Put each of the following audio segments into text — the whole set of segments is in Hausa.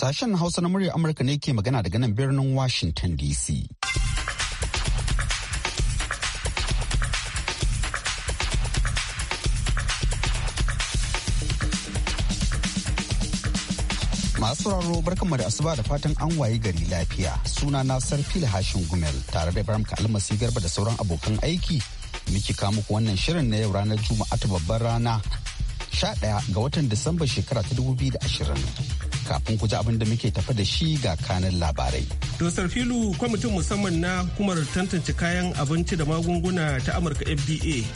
Sashen Hausa na murya Amurka ne ke magana daga nan birnin Washington DC. Masu raro barkanmu da asuba da fatan an wayi gari lafiya. Suna na Sarfil Hashin Gumel tare da Ibrahim Kalmasi Garba da sauran abokan aiki. Miki muku wannan shirin na yau ranar Juma'a ta babbar rana 11 ga watan Disamba shekara ta 2020. kafin ku ji abin da muke tafa da shi ga kanin labarai. Dosar filu kwamitin musamman na hukumar tantance kayan abinci da magunguna ta Amurka FDA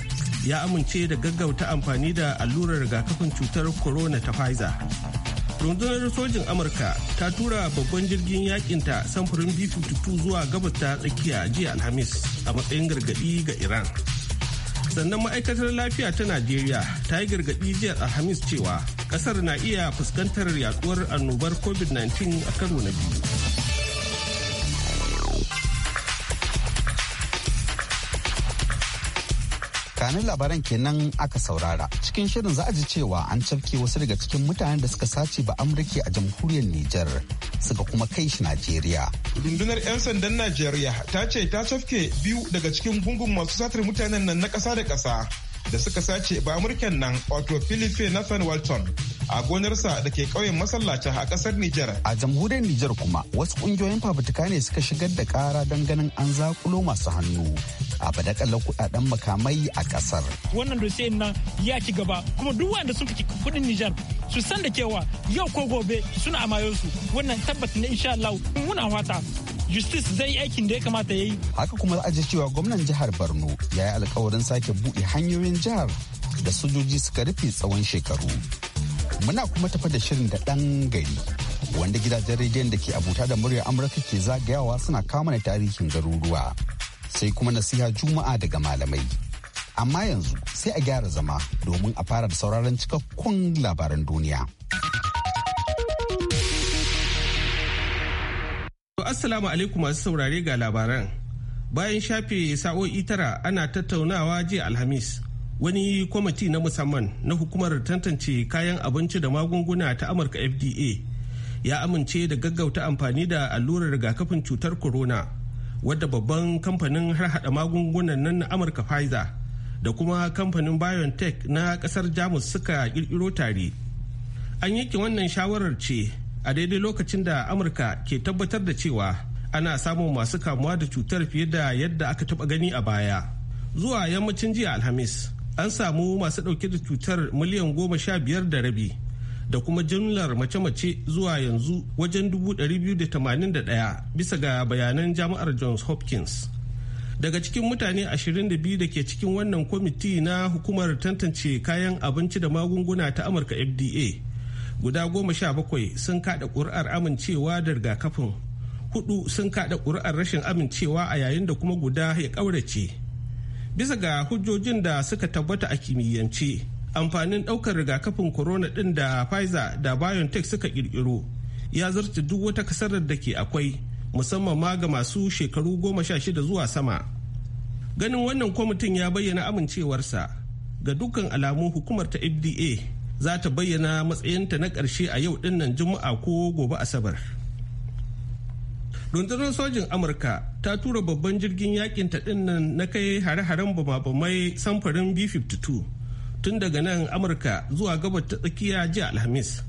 ya amince da gaggauta amfani da allurar rigakafin cutar corona ta Pfizer. rundunar sojin amurka ta tura babban jirgin yakinta samfurin b-52 zuwa gabas ta tsakiya jiya alhamis a matsayin gargaɗi ga iran sannan ma'aikatar lafiya ta najeriya ta yi gargaɗi jiya alhamis cewa kasar na iya fuskantar yaduwar annobar covid-19 a karo na biyu kanin labaran kenan aka saurara cikin shirin za a ji cewa an cafke wasu daga cikin mutanen da suka sace ba Amurke a jamhuriyar nijar suka kuma kai shi najeriya rundunar 'yan sandan najeriya ta ce ta cafke biyu daga cikin gungun masu satar mutanen nan na ƙasa da ƙasa da suka sace ba amurken nan wato Philippe Nathan Walton a gonarsa da ke ƙauyen masallaci a ƙasar Nijar. A jamhuriyar Nijar kuma wasu ƙungiyoyin fafutuka ne suka shigar da kara don ganin an zakulo masu hannu a badakalar kuɗaɗen makamai a kasar. Wannan dose na ya ci gaba kuma duk wanda sun fi kuɗin Nijar su san da kewa yau ko gobe suna amayo su wannan tabbatin insha Allah muna wata justice zai yi aikin da ya kamata ya yi haka kuma za a ji cewa gwamnan jihar borno ya yi alkawarin sake buɗe hanyoyin jihar da sojoji suka rufe tsawon shekaru muna kuma tafa da shirin da ɗan gari wanda gidajen rediyon da ke abuta da murya amurka ke zagayawa suna kama tarihin garuruwa sai kuma nasiha juma'a daga malamai amma yanzu sai a gyara zama domin a fara da sauraron cikakkun labaran duniya. assalamu alaikum masu saurare ga labaran. Bayan shafe sa'o'i tara ana tattaunawa jiya Alhamis. Wani kwamiti na musamman na hukumar tantance kayan abinci da magunguna ta Amurka FDA ya amince da gaggauta amfani da allurar rigakafin cutar corona wadda babban kamfanin harhaɗa magungunan nan na Amurka Pfizer da kuma kamfanin BioNTech na ƙasar Jamus suka ƙirƙiro tare. An yanke wannan shawarar ce a daidai lokacin da amurka ke tabbatar da cewa ana samun masu kamuwa da cutar fiye da yadda aka taba gani a baya zuwa yammacin jiya alhamis an samu masu dauke da cutar miliyan goma sha biyar da rabi da kuma jumlar mace-mace zuwa yanzu wajen 281 bisa ga bayanan jami'ar johns hopkins daga cikin mutane 22 da ke cikin wannan kwamiti na hukumar tantance kayan abinci da magunguna ta amurka fda guda goma sha bakwai sun kada ƙuri'ar amincewa da rigakafin hudu sun kada ƙuri'ar rashin amincewa a yayin da kuma guda ya ƙaurace bisa ga hujjojin da suka tabbata a kimiyyance amfanin ɗaukar rigakafin corona ɗin da pfizer da biontech suka ƙirƙiro ya zarta duk wata kasarar da ke akwai musamman ma ga masu shekaru goma sha shida zuwa sama ganin wannan kwamitin ya bayyana amincewarsa ga dukkan alamun hukumar ta fda za ta bayyana matsayinta na ƙarshe a yau dinnan juma'a ko gobe asabar rundunar sojin amurka ta tura babban jirgin yakin ta dinnan na kai hare-haren bama samfurin samfarin b-52 tun daga nan amurka zuwa gabar ta tsakiya jiya alhamis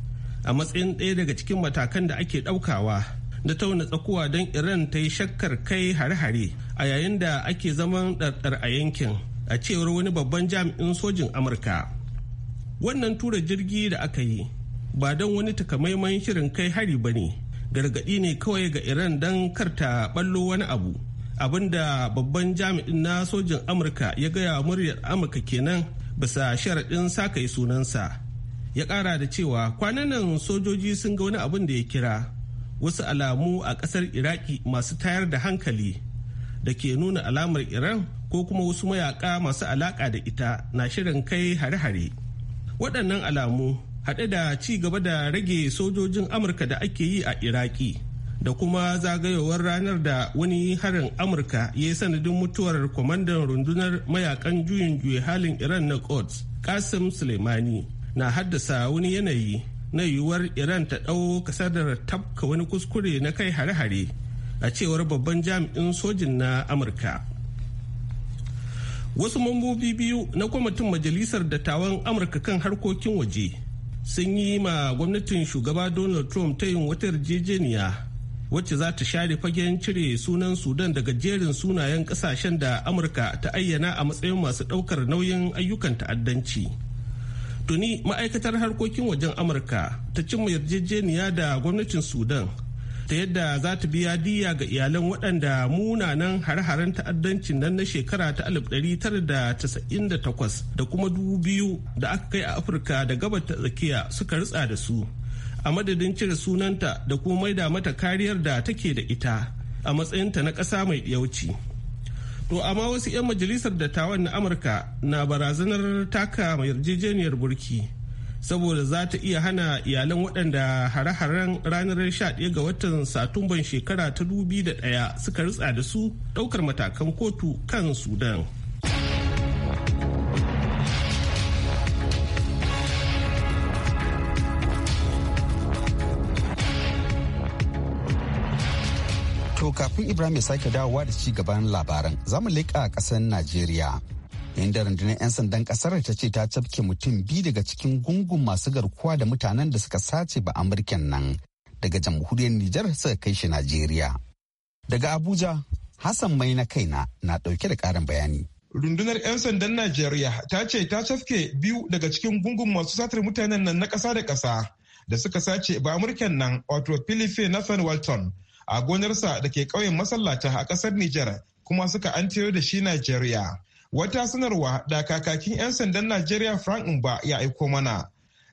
a matsayin ɗaya daga cikin matakan da ake ɗaukawa na tauna tsakuwa don iran ta yi shakkar kai hare-hare a yayin da ake zaman ɗarɗar a yankin a cewar wani babban jami'in sojin amurka wannan tura jirgi da aka yi ba don wani takamaiman shirin kai hari ba ne gargaɗi ne kawai ga iran don karta ballo wani abu abinda babban jami'in na sojin amurka ya gaya muryar amurka kenan bisa sharaɗin sakai sunansa ya ƙara da cewa kwanan nan sojoji sun ga wani abin da ya kira wasu alamu a ƙasar iraki masu tayar da hankali da ke nuna alamar iran ko kuma wasu mayaƙa masu alaƙa da ita na shirin kai hare-hare waɗannan alamu haɗe da ci gaba da rage sojojin amurka da ake yi a iraki da kuma zagayowar ranar da wani harin amurka ya yi sanadin mutuwar kwamandan rundunar mayakan juyin juya halin iran na quds kasim suleimani na haddasa wani yanayi na yiwuwar iran ta ɗau kasadar tabka wani kuskure na kai hare-hare a cewar babban jami'in sojin na amurka wasu mambobi biyu na kwamitin majalisar dattawan amurka kan harkokin waje sun yi ma gwamnatin shugaba donald trump ta yin wata yarjejeniya wacce za ta share fagen cire sunan sudan daga jerin sunayen kasashen da amurka ta ayyana a matsayin masu daukar nauyin ayyukan ta'addanci tuni ma'aikatar harkokin wajen amurka ta cimma yarjejeniya da gwamnatin sudan ta yadda za ta biya diya ga iyalan waɗanda munanan hare-haren ta'addancin nan na shekara ta 1998 da kuma dubu biyu da aka kai a afirka da gabar ta tsakiya suka ritsa da su a madadin cire sunanta da kuma da mata kariyar da take da ita a matsayinta na ƙasa mai ɗiyauci. To amma wasu 'yan majalisar dattawan na Amurka na barazanar taka mai yarjejeniyar burki saboda za ta iya hana iyalan waɗanda hare-haren ranar 11 ga watan satumban shekara ta da ɗaya suka ritsa da su ɗaukar matakan kotu kan sudan to kafin ibrahim ya sake dawowa da ci gaban labaran zamu leƙa ƙasar najeriya inda rundunar 'yan sandan kasar ta ce ta cafke mutum biyu daga cikin gungun masu garkuwa da mutanen da suka sace ba amurken nan daga jamhuriyar nijar suka kai shi najeriya daga abuja hassan mai na kaina na dauke da karin bayani rundunar 'yan sandan najeriya ta ce ta cafke biyu daga cikin gungun masu satar mutanen nan na kasa da kasa da suka sace ba amurken nan wato philippe nathan walton a gonarsa da ke ƙauyen masallata a ƙasar nijar kuma suka an da shi najeriya wata sanarwa da kakakin 'yan sandan najeriya frank ba ya aiko mana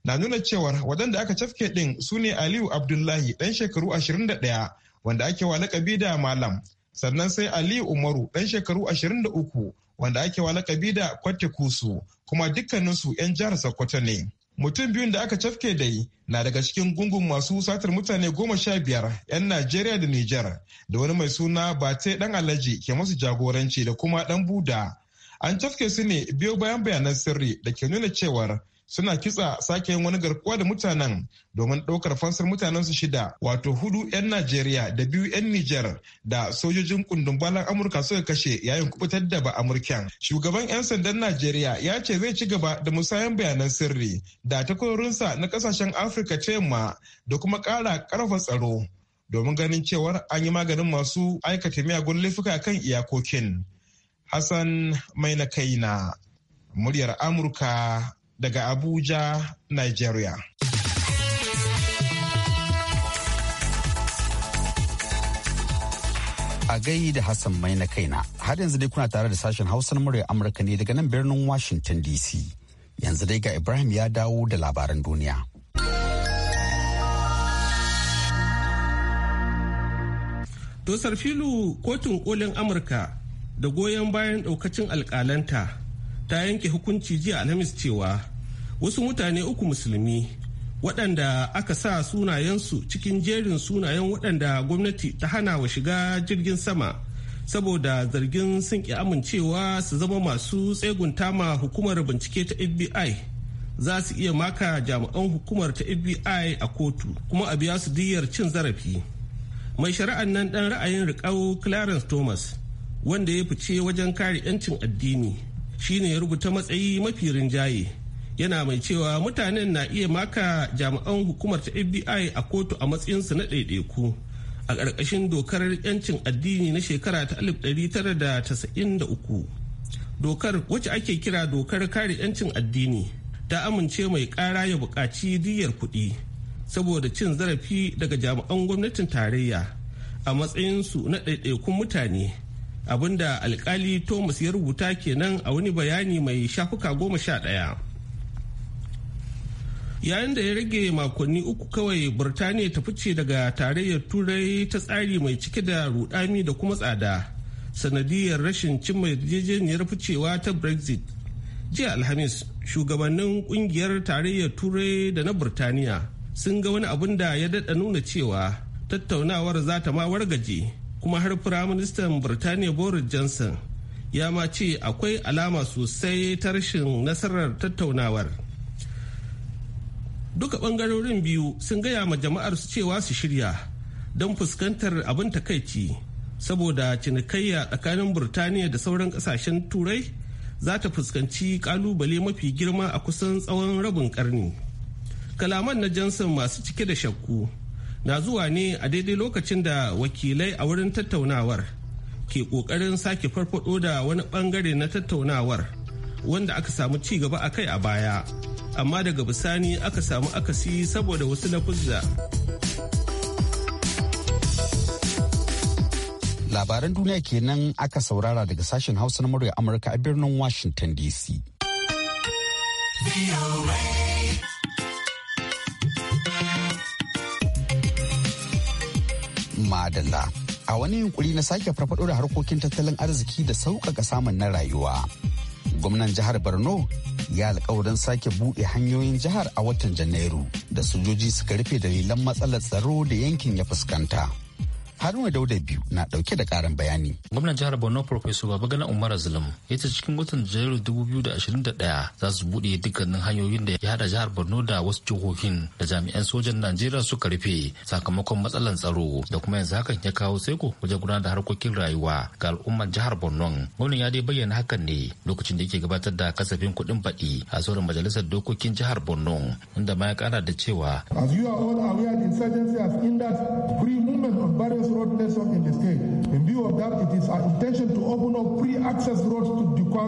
na nuna cewar waɗanda aka cafke ɗin su ne aliyu abdullahi ɗan shekaru 21 wanda ake wa laƙabi da malam sannan sai aliyu umaru ɗan shekaru 23 wanda ake wa laƙabi da kwatte kusu kuma dukkaninsu 'yan jihar sokoto ne mutum biyun da aka cafke dai na daga cikin gungun masu satar mutane goma sha biyar 'yan najeriya da Nijar, da wani mai suna bate ɗan alhaji ke masu jagoranci da kuma ɗan buda An cafke su ne biyo bayan bayanan sirri da ke nuna cewar suna kitsa sake yin wani garkuwa da mutanen domin ɗaukar fansar mutanen su shida wato hudu 'yan Najeriya da biyu 'yan Niger da sojojin kundumbalan Amurka suka kashe yayin kubutar da ba Amurken. Shugaban 'yan sandan Najeriya ya ce zai ci gaba da musayan bayanan sirri da takwarorinsa na kasashen Afirka ta yamma da kuma ƙara ƙarfa tsaro domin ganin cewar an yi maganin masu aikata miyagun laifuka kan iyakokin. Hassan Mainakaina muryar Amurka daga Abuja, Nigeria. A gai da Hassan mai na har yanzu dai kuna tare da sashen Hausar muryar Amurka ne daga nan birnin Washington DC. Yanzu dai ga Ibrahim ya dawo da labaran duniya. Tosar filu kotun kolin Amurka da goyon bayan daukacin alkalanta ta yanke hukunci jiya alhamis cewa wasu mutane uku musulmi waɗanda aka sa sunayensu cikin jerin sunayen waɗanda gwamnati ta hana wa shiga jirgin sama saboda zargin sun ki amincewa su zama masu tsegunta ma hukumar bincike ta fbi za su iya maka jami'an hukumar ta fbi a kotu kuma a biya su diyyar cin zarafi mai shari'an nan ɗan ra'ayin rikau clarence thomas wanda ya fice wajen kare 'yancin addini shine ya rubuta matsayi mafi rinjaye yana mai cewa mutanen na iya maka jami'an hukumar ta fbi a kotu a matsayinsu na ɗaiɗaiku a ƙarƙashin dokar 'yancin addini na shekara ta 1993 dokar wacce ake kira dokar kare 'yancin addini ta amince mai ƙara ya buƙaci diyyar kuɗi saboda cin zarafi daga jami'an gwamnatin tarayya a matsayinsu na ɗaiɗaikun mutane abinda alkali thomas ya rubuta kenan a wani bayani mai shafuka goma sha ɗaya yayin da ya rage makonni uku kawai birtaniya ta fice daga tarayyar turai ta tsari mai cike da rudami da kuma tsada sanadiyar rashin cimma yarjejeniyar ficewa ta brexit jiya alhamis shugabannin kungiyar tarayyar turai da na birtaniya sun ga wani abin da ya daɗa nuna cewa tattaunawar za ta ma wargaje kuma har firaministan birtaniya boris johnson ya ma ce akwai alama sosai ta rashin nasarar tattaunawar duka bangarorin biyu sun gaya ma jama'ar su cewa su shirya don fuskantar abin takaici saboda cinikayya tsakanin burtaniya da sauran kasashen turai za ta fuskanci kalubale mafi girma a kusan tsawon rabin karni kalaman na jansan masu cike da shakku na zuwa ne a daidai lokacin da wakilai a wurin tattaunawar ke kokarin sake farfado da wani bangare na tattaunawar wanda aka samu ci gaba a kai a baya amma daga bisani aka samu akasi saboda wasu lafuzza labaran duniya kenan aka saurara daga sashen hausa na murya amurka a birnin washington dc madalla a wani yunkuri na sake farfado da harkokin tattalin arziki da sauƙaƙa samun na rayuwa gwamnan jihar borno ya alƙawarin sake buɗe hanyoyin jihar a watan janairu da sojoji suka rufe dalilan matsalar tsaro da yankin ya fuskanta Haruna Dauda biyu na dauke da karin bayani. Gwamnan jihar Borno Professor Babagana Umar Zulum ya ce cikin watan Janairu 2021 za su buɗe dukkanin hanyoyin da ya hada jihar Borno da wasu jihohin da jami'an sojan Najeriya suka rufe sakamakon matsalan tsaro da kuma yanzu hakan ya kawo seko wajen gudanar da harkokin rayuwa ga al'ummar jihar Borno. Gwamnan ya dai bayyana hakan ne lokacin da yake gabatar da kasafin kuɗin baɗi a sauran majalisar dokokin jihar Borno inda ma ya kara da cewa. As you are all aware, the insurgency has hindered free movement of various road network in the state. In view of that, it is our intention to open up free access roads to Dukwa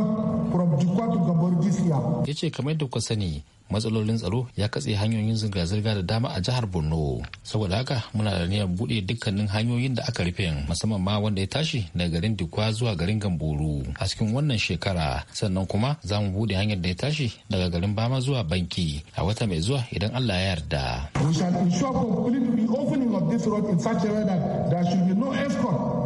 from Dukwa to Gambori this year. Ya ce kamar da kuka sani matsalolin tsaro ya katse hanyoyin zirga-zirga da dama a jihar Borno. Saboda haka muna da niyyar buɗe dukkanin hanyoyin da aka rufe musamman ma wanda ya tashi daga garin Dukwa zuwa garin Gamburu a cikin wannan shekara. Sannan kuma za mu buɗe hanyar da ya tashi daga garin Bama zuwa Banki a wata mai zuwa idan Allah ya yarda. We shall ensure complete this in such a way that there should be no escort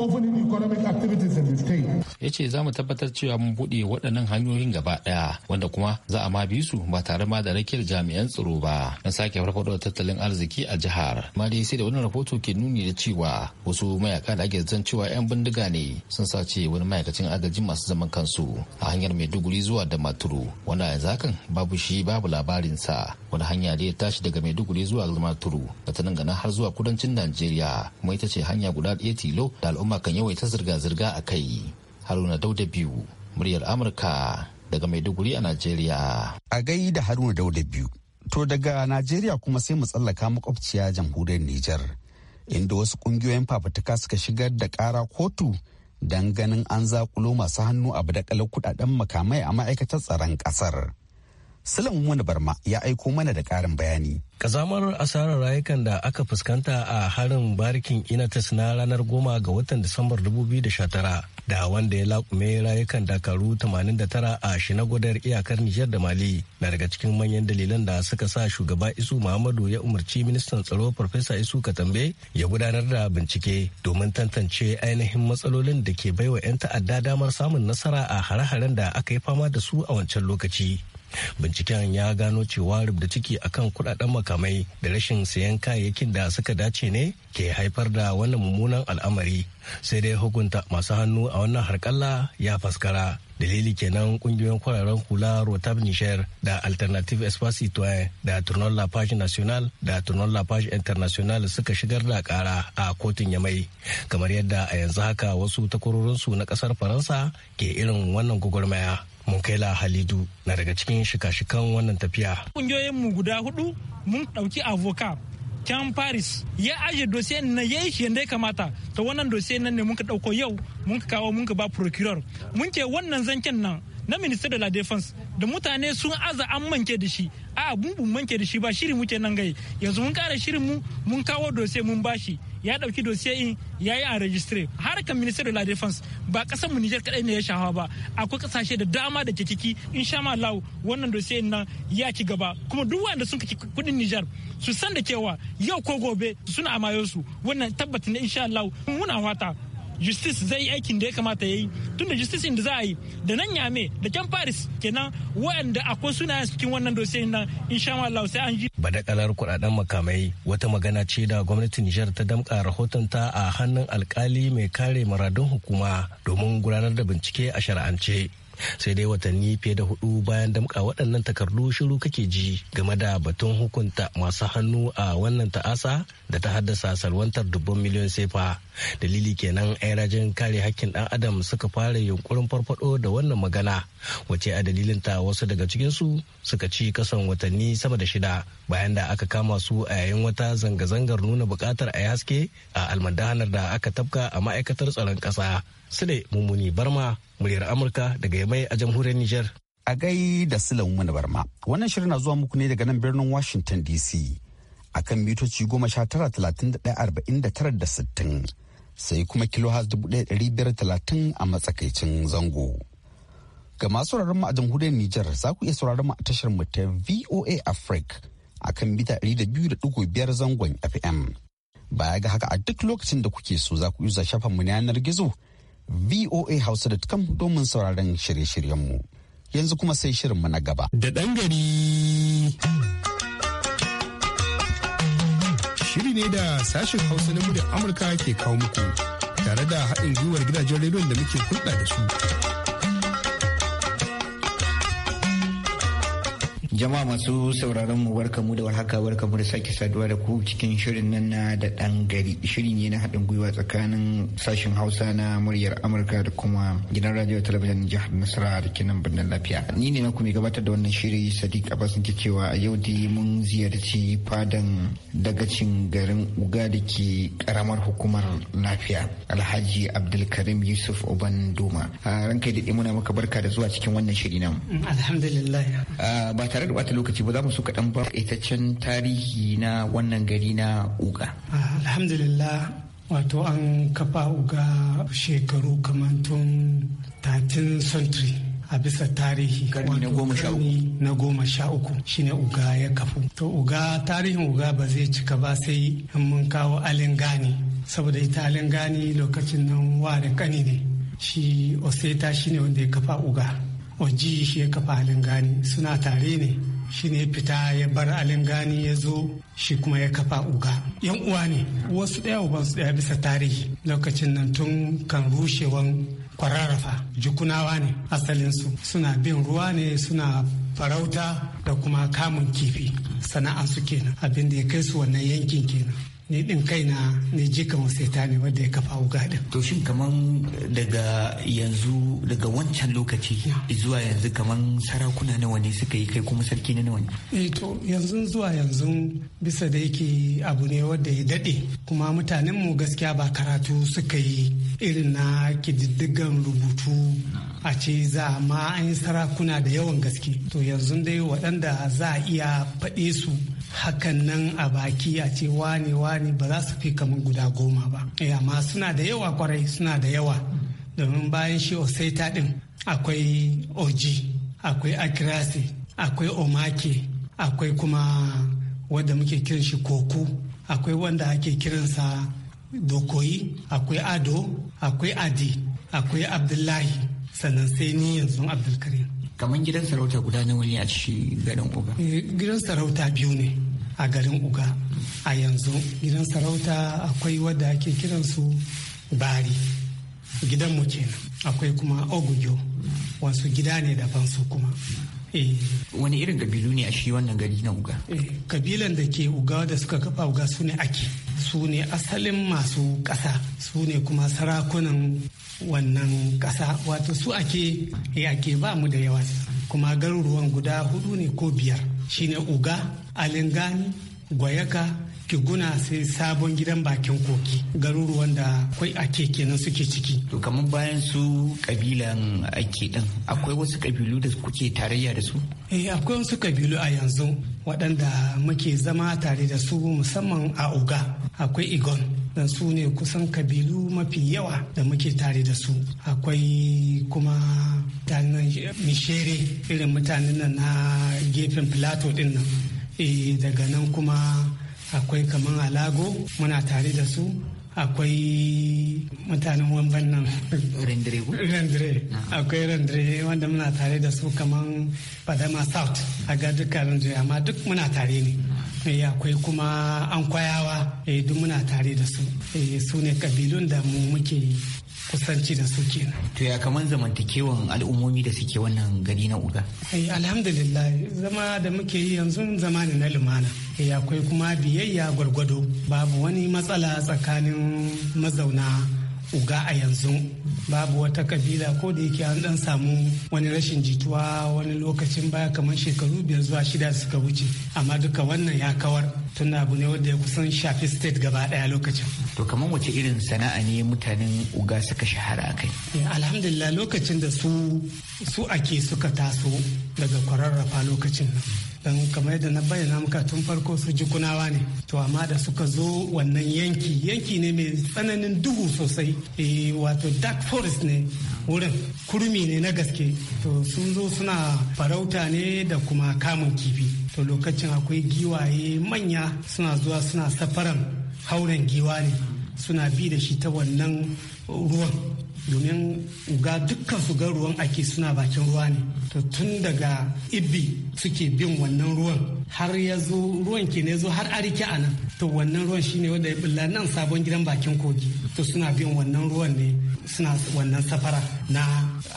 opening economic activities in the state. Ya za mu tabbatar cewa mun buɗe waɗannan hanyoyin gaba ɗaya wanda kuma za a ma bi su ba tare ma da rakiyar jami'an tsaro ba na sake farfaɗo tattalin arziki a jihar. Ma dai sai da wani rahoto ke nuni da cewa wasu mayaka da ake zan cewa 'yan bindiga ne sun sace wani ma'aikacin agajin masu zaman kansu a hanyar Maiduguri zuwa da Maturu wanda yanzu hakan babu shi babu labarinsa wani hanya da ya tashi daga Maiduguri zuwa Maturu da ta nan har zuwa kudancin Najeriya kuma ita ce hanya guda ɗaya tilo da al'umma al'umma kan yawaita zirga-zirga a kai haruna dauda biyu muryar amurka daga maiduguri a najeriya a gai da haruna dauda biyu to daga najeriya kuma sai mu tsallaka makwabciya jamhuriyar nijar inda wasu kungiyoyin fafutuka suka shigar da kara kotu don ganin an zakulo masu hannu a badakalar kudaden makamai a ma'aikatar tsaron kasar Sulaiman Wani Barma ya aiko mana da karin bayani. Kazamar asarar rayukan da aka fuskanta a harin barikin Inatis na ranar goma ga watan Disambar 2019 da wanda ya laƙume rayukan dakaru 89 a shinagodar iyakar Nijar da Mali na daga cikin manyan dalilan da suka sa shugaba Isu Muhammadu ya umarci ministan tsaro Farfesa Isu Katambe ya gudanar da bincike domin tantance ainihin matsalolin da ke baiwa 'yan ta'adda damar samun nasara a hare-haren da aka yi fama da su a wancan lokaci. binciken ya gano cewa rubda ciki akan kudaden makamai da rashin sayan kayayyakin da suka dace ne ke haifar da wannan mummunan al'amari sai dai hukunta masu hannu a wannan harkalla ya faskara dalili kenan kungiyoyin kwararren hula rotab niger da alternative espace citoyen da tournoi la page national da tournoi la page international suka shigar da kara a kotun yamai kamar yadda a yanzu haka wasu takwarorinsu na kasar faransa ke irin wannan gwagwarmaya kai Mukaila Halidu na daga cikin shika-shikan wannan tafiya. Kungiyoyin mu guda hudu mun ɗauki avoka can Paris ya aje dosiye na yayi shi yadda ya kamata ta wannan dosiye nan ne muka ɗauko yau muka kawo muka ba procureur mun ce wannan zancen nan na minister de la defense da mutane sun aza an manke da shi a bubu manke da shi ba shirin muke nan gai yanzu mun kara shirin mu mun kawo dosiye mun bashi ya dauki dosiye in ya yi a registry harkar minister of la defense ba kasar mu Niger kadai ne ya shafa ba akwai kasashe da dama da ke ciki insha Allah wannan dosiye nan ya ci gaba kuma duk wanda sun kaci kudin Niger su san da cewa yau ko gobe suna amayo su wannan tabbatin insha Allah muna wata. justice zai yi aikin da ya kamata ya yi tunda justice da za a yi da nan yame da can paris kenan waɗanda akwai sunayen cikin wannan dosiyan nan insha Allah sai an ji badakalar kuɗaɗen makamai wata magana ce da gwamnatin Nijar ta damƙa ta a hannun alkali mai kare muradun hukuma domin gudanar da bincike a shari'ance sai dai watanni fiye da hudu bayan damka waɗannan takardu shiru kake ji game da batun hukunta masu hannu a wannan ta'asa da ta haddasa salwantar dubban miliyon sefa dalili kenan 'yan rajin kare hakkin ɗan adam suka fara yunkurin farfado da wannan magana wace a dalilinta wasu daga cikinsu suka ci kasan watanni sama da shida bayan da aka kama su a yayin wata zanga-zangar nuna bukatar a yaske haske a almadahanar da aka tafka a ma'aikatar tsaron ƙasa Sule mumuni Barma, muryar Amurka daga Yamai a jamhuriyar Nijar. A gai da Sule Mumuni Barma, wannan shirin na zuwa muku ne daga nan birnin Washington DC. A kan mitoci goma sha tara talatin da ɗaya arba'in da tara da sittin. Sai kuma kilo dubu ɗaya ɗari biyar talatin a matsakaicin zango. Ga masu sauraron mu a jamhuriyar Nijar za ku iya sauraron mu a tashar mu ta VOA Africa a kan mita ɗari da biyu da ɗigo biyar zangon FM. Baya ga haka a duk lokacin da kuke so za ku iya shafan mu na yanar gizo voahausa.com domin sauraron shirye-shiryenmu. Yanzu kuma sai shirinmu na gaba. Da ɗan gari. Shiri ne da sashen Hausa na muryar Amurka ke kawo muku tare da haɗin gwiwar gidajen rediyon da muke hulɗa da su. Jama'a masu sauraron mu barka mu da warhaka barka mu da sake saduwa da ku cikin shirin nan na da dan gari. Shiri ne na haɗin gwiwa tsakanin sashen Hausa na muryar Amurka da kuma gidan radio talabijin jihar Nasara da kinan birnin lafiya. Ni ne na kuma gabatar da wannan shiri Sadiq Abbas ke cewa a yau dai mun ziyarci fadan dagacin garin Uga da ke karamar hukumar lafiya Alhaji Abdulkarim Yusuf Oban Doma. Ranka da muna maka barka da zuwa cikin wannan shiri nan. Alhamdulillah. Ah, da bata lokaci ba za mu so kaɗan ba itaccen tarihi na wannan gari na uga. Ah, alhamdulillah wato an kafa uga shekaru kamar tun 13 century a bisa tarihi na goma sha uku shine uga ya kafu to uga tarihin uga ba zai cika ba sai in mun kawo alin gani saboda ita alin gani lokacin nan wa da kani ne shi oseta shine wanda ya kafa uga wanji shi ya kafa alingani. suna tare ne shi ne fita ya bar alingani ya zo shi kuma ya kafa uga yan uwa ne wasu ɗaya uban su ɗaya bisa tarihi lokacin nan tun kan rushewan kwararrafa jukunawa ne asalinsu suna bin ruwa ne suna farauta da kuma kamun kifi su kenan abin da ya kai su wannan yankin kenan ni din kaina ni jikan ta ne wanda ya kafa wuga din to shin kaman daga yanzu daga wancan lokaci zuwa yanzu kaman sarakuna nawa ne suka yi kai kuma sarki na nawa ne eh to yanzu zuwa yanzu bisa da yake abu ne wanda ya dade kuma mutanen mu gaskiya ba karatu suka yi irin na kididdigan rubutu a ce za ma an yi sarakuna da yawan gaske to yanzu dai waɗanda za a iya faɗe su hakan nan a baki a ce wani wani ba za su fi kamar guda goma ba eh, amma suna da yawa kwarai suna da yawa domin bayan shi oseta din akwai oji akwai akirasi akwai omake akwai kuma wanda muke kiran shi koku akwai wanda ake kiransa dokoyi akwai ado akwai adi akwai abdullahi sannan sai ni yanzu abdulkarim kamar gidan sarauta guda nawa ne a cikin garin uga eh, gidan sarauta biyu ne a garin uga a yanzu gidan sarauta akwai wadda ake kiran kiransu bari mu kenan akwai kuma ogugyo wasu gida ne daban su kuma Eh. wani irin kabilu ne a shi wannan gari na uga eh, kabilan da ke uga da suka kafa uga su ne ake su ne asalin masu ƙasa su ne kuma sarakunan wannan ƙasa wato su ake eh, ake ba mu da yawa kuma garuruwan guda hudu ne ko biyar shine uga alingani gwayaka kiguna sai sabon gidan bakin koki garuruwan da akwai ake kenan suke ciki to kamar bayan su kabilan ake din akwai wasu kabilu da kuke tarayya da su eh akwai wasu kabilu a yanzu waɗanda muke zama tare da su musamman a oga akwai igon dan su ne kusan kabilu mafi yawa da muke tare da su akwai kuma mutanen mishere irin mutanen nan na gefen plateau din nan eh, daga nan kuma akwai kaman alago muna tare da su akwai mutanen wamban nan akwai rendere wanda muna tare da su kaman fadama south a ga amma duk muna tare ne Eh, akwai kuma an kwayawa eh, duk muna tare da su eh, su ne kabilun da mu muke kusanci da su kenan. To ya kaman zamantakewan al'ummomi da suke wannan gari na Uga? Eh alhamdulillah zama da muke yi yanzu zama ne na lumana. Eh akwai kuma biyayya gwargwado babu wani matsala tsakanin mazauna uga a yanzu babu wata kabila ko da yake an dan samu wani rashin jituwa wani lokacin baya kamar shekaru biyar zuwa shida suka wuce amma duka wannan ya kawar tun abu ne wanda ya kusan shafi state gaba daya lokacin to kamar wace irin sana'a ne mutanen uga suka shahara a kai eh, alhamdulillah lokacin da su su ake suka taso daga kwararrafa lokacin nan don kamar yadda na bayyana muka tun farko su jikunawa ne to amma da suka zo wannan yanki yanki ne mai tsananin duhu sosai eh, wato dark forest ne wurin kurmi ne na gaske to sun zo suna farauta ne da kuma kamun kifi to lokacin akwai giwaye manya suna zuwa suna safaran hauren giwa ne suna bi da shi ta wannan ruwan domin ga dukkan su ruwan ake suna bakin ruwa ne to tun daga ibi suke bin wannan ruwan har ya zo ruwan ke ne zo har arike a nan to wannan ruwan shine wanda ya bulla nan sabon gidan bakin kogi to suna bin wannan ruwan ne suna wannan safara na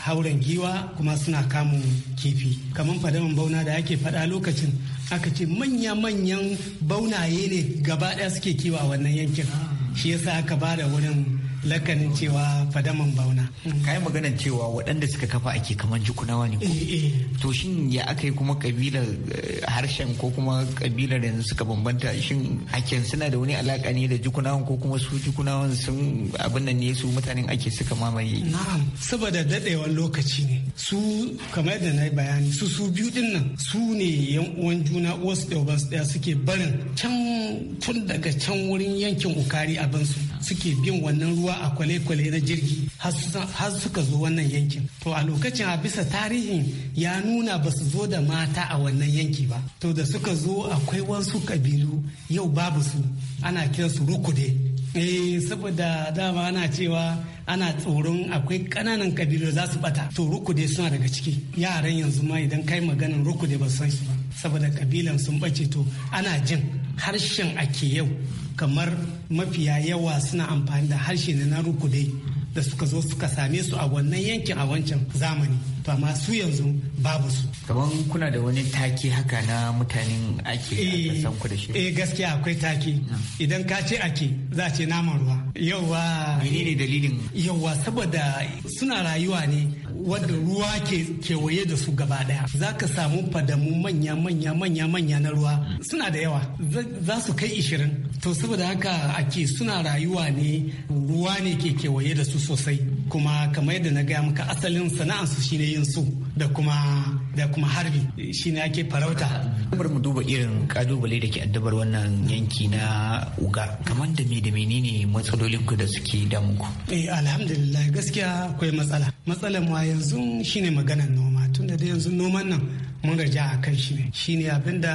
hauren giwa kuma suna kamun kifi kamar fadaman bauna da ake fada lokacin aka ce manya-manyan baunaye ne gaba daya suke kiwa a wannan yankin shi yasa aka bada wurin lakanin cewa fadaman bauna Kayan maganar cewa waɗanda suka kafa ake kamar jukunawa ne eh, eh. to shin ya aka yi kuma kabilar eh, harshen ko kuma kabilar yanzu suka bambanta shin hakken suna da wani alaƙa ne da jukunawan ko kuma su jukunawan sun abin nan ne su mutanen ake suka mamaye na'am saboda daɗewar lokaci ne su kamar da na yi bayani su su biyu din nan su ne yan uwan juna wasu da su daya suke barin can tun daga can wurin yankin ukari su. suke bin wannan ruwa a kwale-kwale na jirgi har suka zo wannan yankin to a lokacin a bisa tarihin ya nuna ba su zo da mata a wannan yanki ba to da suka zo akwai wasu kabilu yau babu su ana kiransu rukude eh saboda dama ana cewa ana tsoron akwai kananan kabilu za su bata to rukude suna daga ciki yaran yanzu ma idan kai maganin rukude ba san shi ba saboda kabilan sun bace to ana jin harshen ake yau kamar mafiya yawa suna amfani da harshe na narukudai da suka zo suka same su a wannan yankin a wancan zamani to amma su yanzu babu su kamar kuna da wani take haka na mutanen ake san ku da shi eh, eh gaskiya akwai take ah. idan ka ce ake za ce naman ruwa yauwa menene dalilin yauwa saboda suna rayuwa ne wanda ruwa ke kewaye da su gaba daya za ka samu fadamu manya manya manya manya na ruwa suna da yawa za su kai ishirin to saboda haka ake suna rayuwa ne ruwa ne ke kewaye da su sosai kuma kamar yadda na gaya maka asalin sana'ansu shine yin su da kuma da kuma harbi shine ake farauta bar mu duba irin kalubale da ke addabar wannan yanki na uga kamar da me da menene matsalolin ku da suke damu ku eh alhamdulillah gaskiya akwai matsala matsalar ma yanzu shine maganar noma tunda da yanzu noman nan mun raja a kan shi ne shine abin da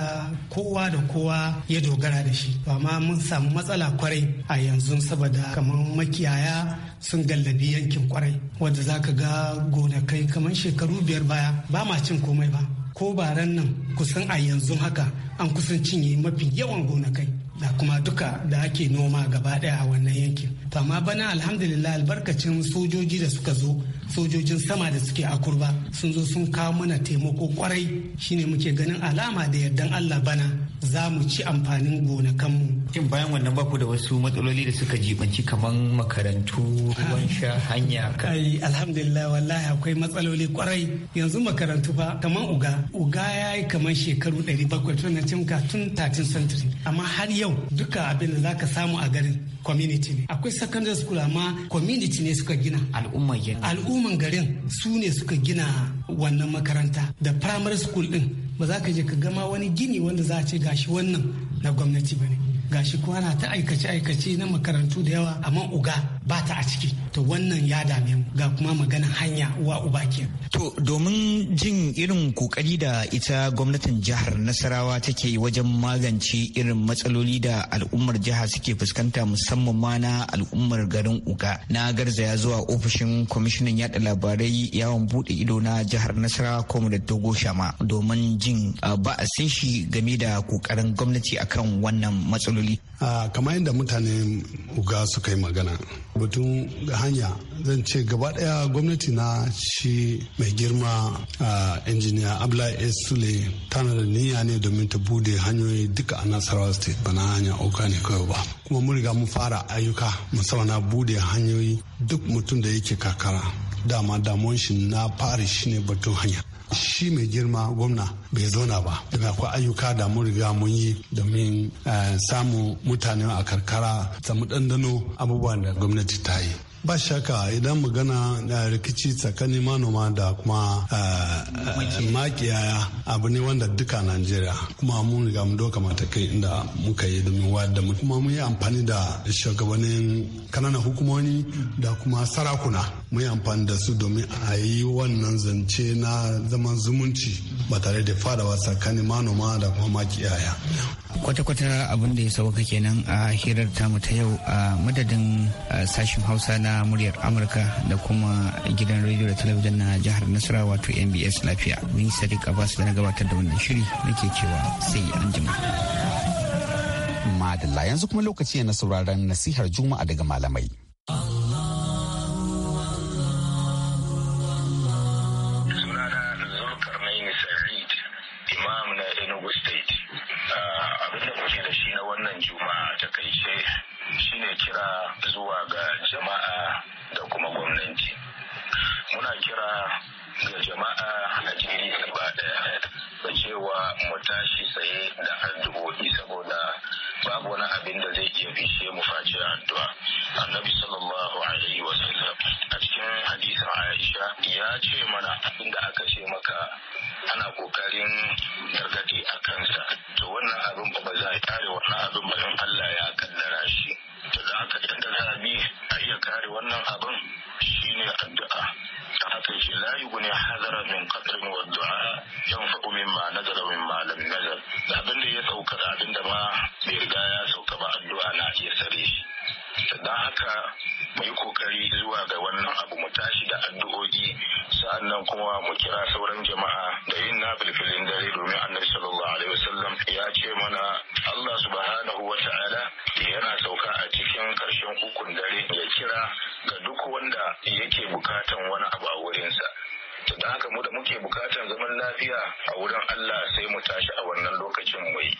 kowa da kowa ya dogara da shi amma mun samu matsala kwarai a yanzu saboda kamar makiyaya sun gallabi yankin kwarai wanda ka ga gonakai kamar shekaru biyar baya ba ma cin komai ba ko baran nan kusan a yanzu haka an kusan cinye mafi yawan gonakai da kuma duka da ake noma gaba daya a wannan yankin to amma bana alhamdulillah albarkacin sojoji da suka zo sojojin sama da suke a kurba sun zo sun kawo mana taimako kwarai shine muke ganin alama da yardan allah bana za mu ci amfanin gonakanmu. Shin bayan wannan baku da wasu matsaloli da suka jibanci kamar makarantu, ruwan ah. sha, hanya. Kai alhamdulillah wallahi akwai matsaloli kwarai yanzu makarantu fa kamar uga. Uga ya yi kamar shekaru 700 tun na cimka tun 13 century amma har yau yau duka abin da zaka samu a garin community ne akwai secondary school amma community ne suka gina al'umman garin al'umman su ne suka gina wannan makaranta da primary school din ba za ka je ka gama wani gini wanda za a ce gashi wannan na gwamnati ba bane gashi kwana ta aikace aikace na makarantu da yawa amma uga ba ta a ciki to wannan ya dame mu ga kuma maganan hanya wa uba ke to domin jin irin kokari da ita gwamnatin jihar nasarawa take wajen magance irin matsaloli da al'ummar jiha suke fuskanta musamman ma na al'ummar garin uga na garzaya zuwa ofishin kwamishinan yada labarai yawon bude ido na jihar nasarawa da dogo shama domin jin ah, ba a shi game da kokarin gwamnati akan wannan matsaloli ah, kamar yadda mutanen uga suka yi magana batun hanya zan ce gaba daya gwamnati na shi mai girma injiniya abdullahi Esule sule tana da niyya ne domin ta bude hanyoyi duka a nasarawa state bana hanya oka ne kawai ba kuma mun riga mun fara ayyuka musamman na bude hanyoyi duk mutum da yake kakara dama damuwan shi na fari shine batun hanya shi mai girma gwamna bai zauna ba daga akwai ayyuka da mun riga mun yi domin eh, samun mutane a karkara samu dandano abubuwan da gwamnati ta yi ba shaka idan magana na eh, rikici tsakanin manoma da kuma eh, makiyaya abu ne wanda duka najeriya kuma mun riga mun doka matakai inda muka yi domin wayar da kuma mun yi amfani da shugabannin kananan hukumomi da kuma sarakuna mun yi amfani da su domin a yi wannan zance na zaman zumunci ba tare da fadawa tsakanin manoma da kuma makiyaya kwata-kwata abin da ya sauka kenan a hirar tamu ta yau a madadin sashen hausa na muryar amurka da kuma gidan rediyo da talabijin na jihar nasara wato mbs lafiya ni sadiq abbas da na gabatar da wannan shiri nake cewa sai an jima madalla yanzu kuma lokaci na sauraron nasihar juma'a daga malamai don haka mu yi kokari zuwa ga wannan abu mu tashi da addu'o'i sa'annan kuma mu kira sauran jama'a da yin na filfilin dare domin annabi sallallahu alaihi wasallam ya ce mana Allah subhanahu wa ta'ala yana sauka a cikin karshen hukun dare ya kira ga duk wanda yake bukatan wani abu a wurinsa don haka mu da muke bukatan zaman lafiya a wurin Allah sai mu tashi a wannan lokacin mai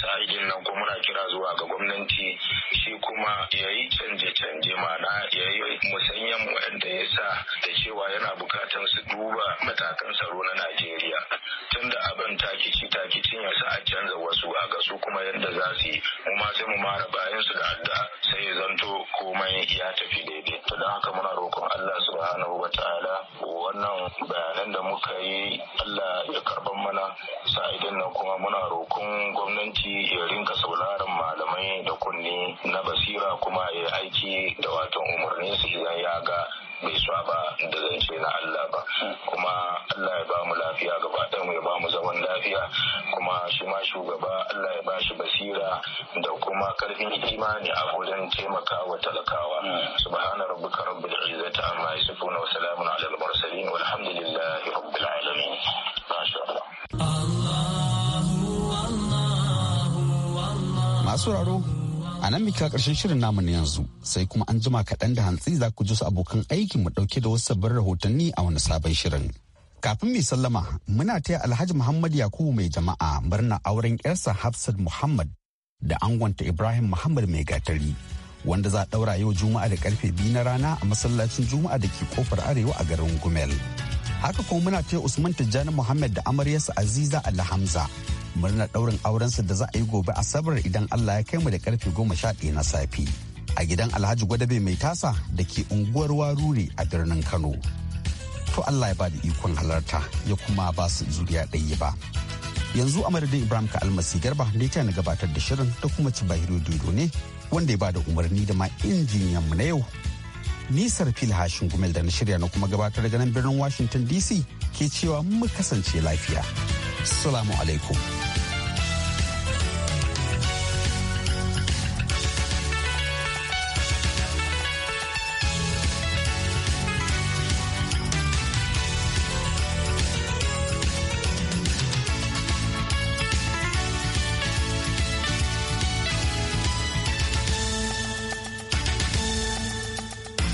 sa'idin nan kuma muna kira zuwa ga gwamnati shi kuma ya yi canje-canje mana ya yi musanyen wanda ya sa da cewa yana bukatan su duba matakan tsaro na Najeriya tunda abin takici takicin ya sa a canza wasu a ga su kuma yadda za su yi mu ma sai mu mara bayan su da adda sai ya zanto komai ya tafi daidai to don haka muna roƙon Allah subhanahu wa ta'ala wannan bayanan da muka yi Allah ya karban mana sa'idan nan kuma muna rokon gwamnati ya rinka sauraron malamai da kunne na basira kuma ya aiki da watan umarninsu idan ya ga gaisuwa ba da zance na Allah ba kuma Allah ya ba mu lafiya gaba ɗaya mu ya ba mu zaman lafiya kuma shi ma shugaba Allah ya ba shi basira da kuma karfin imani a wajen taimakawa talakawa subhana rabbika rabbil izzati amma yasifuna wa salamun alal mursalin walhamdulillahi rabbil alamin masha Allah masu A nan muka karshen shirin namu na yanzu sai kuma an jima kaɗan da hantsi za ku ji su abokan aiki mu ɗauke da wasu sabbin rahotanni a wani sabon shirin. Kafin mai sallama muna taya Alhaji Muhammad Yakubu mai jama'a murna auren yarsa Hafsat Muhammad da angonta Ibrahim Muhammad mai gatari wanda za ɗaura yau Juma'a da karfe biyu na rana a masallacin Juma'a da ke kofar Arewa a garin Gumel. Haka kuma muna taya Usman Tijjani Muhammad da amaryarsa Aziza Alhamza Hamza murnar ɗaurin aurensu da za a yi gobe asabar idan Allah ya kai mu da karfe goma sha ɗaya na safe a gidan Alhaji Gwadabe mai tasa da ke unguwar waruri a birnin Kano. To Allah ya bada ikon halarta ya kuma ba su zuriya ɗaya ba. Yanzu a madadin Ibrahim ka almasi garba ne ta na gabatar da shirin ta kuma ci bahiru dodo ne wanda ya ba da umarni da ma injiniyan mu na yau. Nisar fil hashin gumel da na shirya na kuma gabatar da nan birnin Washington DC ke cewa mu kasance lafiya. Salamu alaikum.